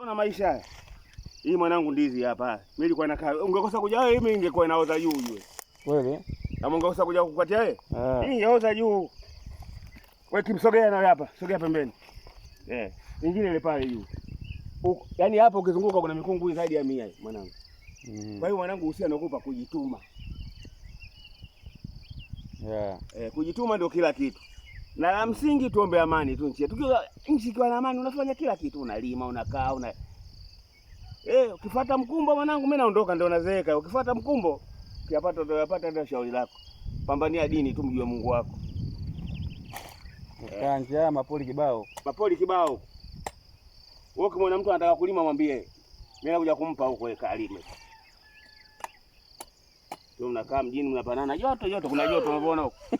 Ona maisha haya. Hii mwanangu ndizi hapa. Mimi nilikuwa nakaa. Ungekosa kuja wewe, eh, mimi ningekuwa naoza juu yule. Kweli? Kama ungekosa kuja kukupatia wewe? Eh? Eh. Hii yaoza juu. Wewe kimsogea na hapa, sogea pembeni. Eh. Ingine ile pale juu. Yaani hapo ukizunguka kuna mikungu zaidi ya 100 mwanangu. Mm. Kwa hiyo mwanangu usia nakupa kujituma. Yeah. Eh, kujituma ndio kila kitu na la msingi tuombe amani tu nchi Tukiwa nchi ikiwa na amani, unafanya kila kitu, unalima, unakaa, una eh, ukifuata mkumbo mwanangu, mimi naondoka, ndio nazeeka. Ukifuata mkumbo ndio utapata. Ndio shauri lako, pambania dini tu, mjue Mungu wako. Kaanza yeah. Mapoli kibao, mapoli kibao. Wewe ukimwona mtu anataka kulima, mwambie mimi nakuja kumpa huko, alime. tu. Mnakaa mjini, mnapanana joto joto, kuna joto, unaona huko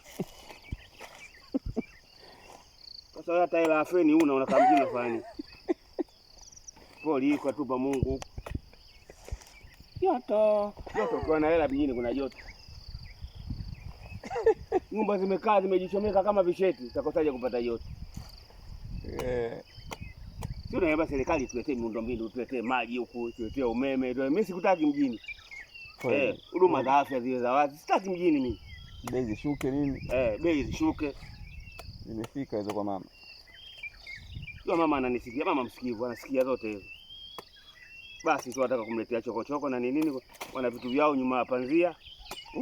sasa hata hela feni una una unakaa mjini unafanya poli iko tupa Mungu joto joto, kwa na hela mjini kuna joto. Nyumba zimekaa zimejichomeka kama visheti, utakosaje kupata joto? Yeah. Sio naomba serikali tuletee miundombinu, tuletee maji huku, tuletee umeme. Mimi sikutaki mjini eh, huduma eh, za afya zile za wazi sitaki mjini mimi. Bei zishuke nini? Eh, bei zishuke. Zimefika hizo kwa mama. Sio mama ananisikia, mama msikivu, anasikia zote hizo. Basi tu nataka kumletea chokochoko na nini nini, wana vitu vyao nyuma ya panzia.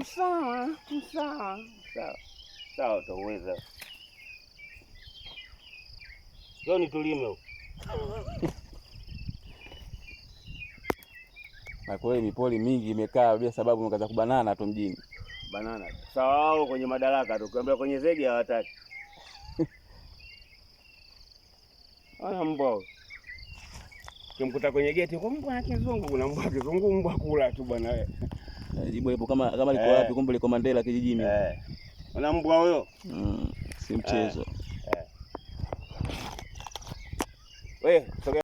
Usawa, usawa, sawa. Sawa utaweza. Leo nitulime huko. Na kweli mipoli mingi imekaa bila sababu, mkaza kubanana tu mjini. Banana. Sawa, wao kwenye madaraka tu, ukiambia kwenye zege hawataki. ana mbwa kimkuta kwenye geti kwa mbwa akizungu, na mbwa akizungu, mbwa kula tu bwana wewe. Eh, jibu hapo kama kama liko eh. wapi? Kumbe liko Mandela kijijini. Eh, ana mbwa huyo. Mm, si mchezo. Eh, eh.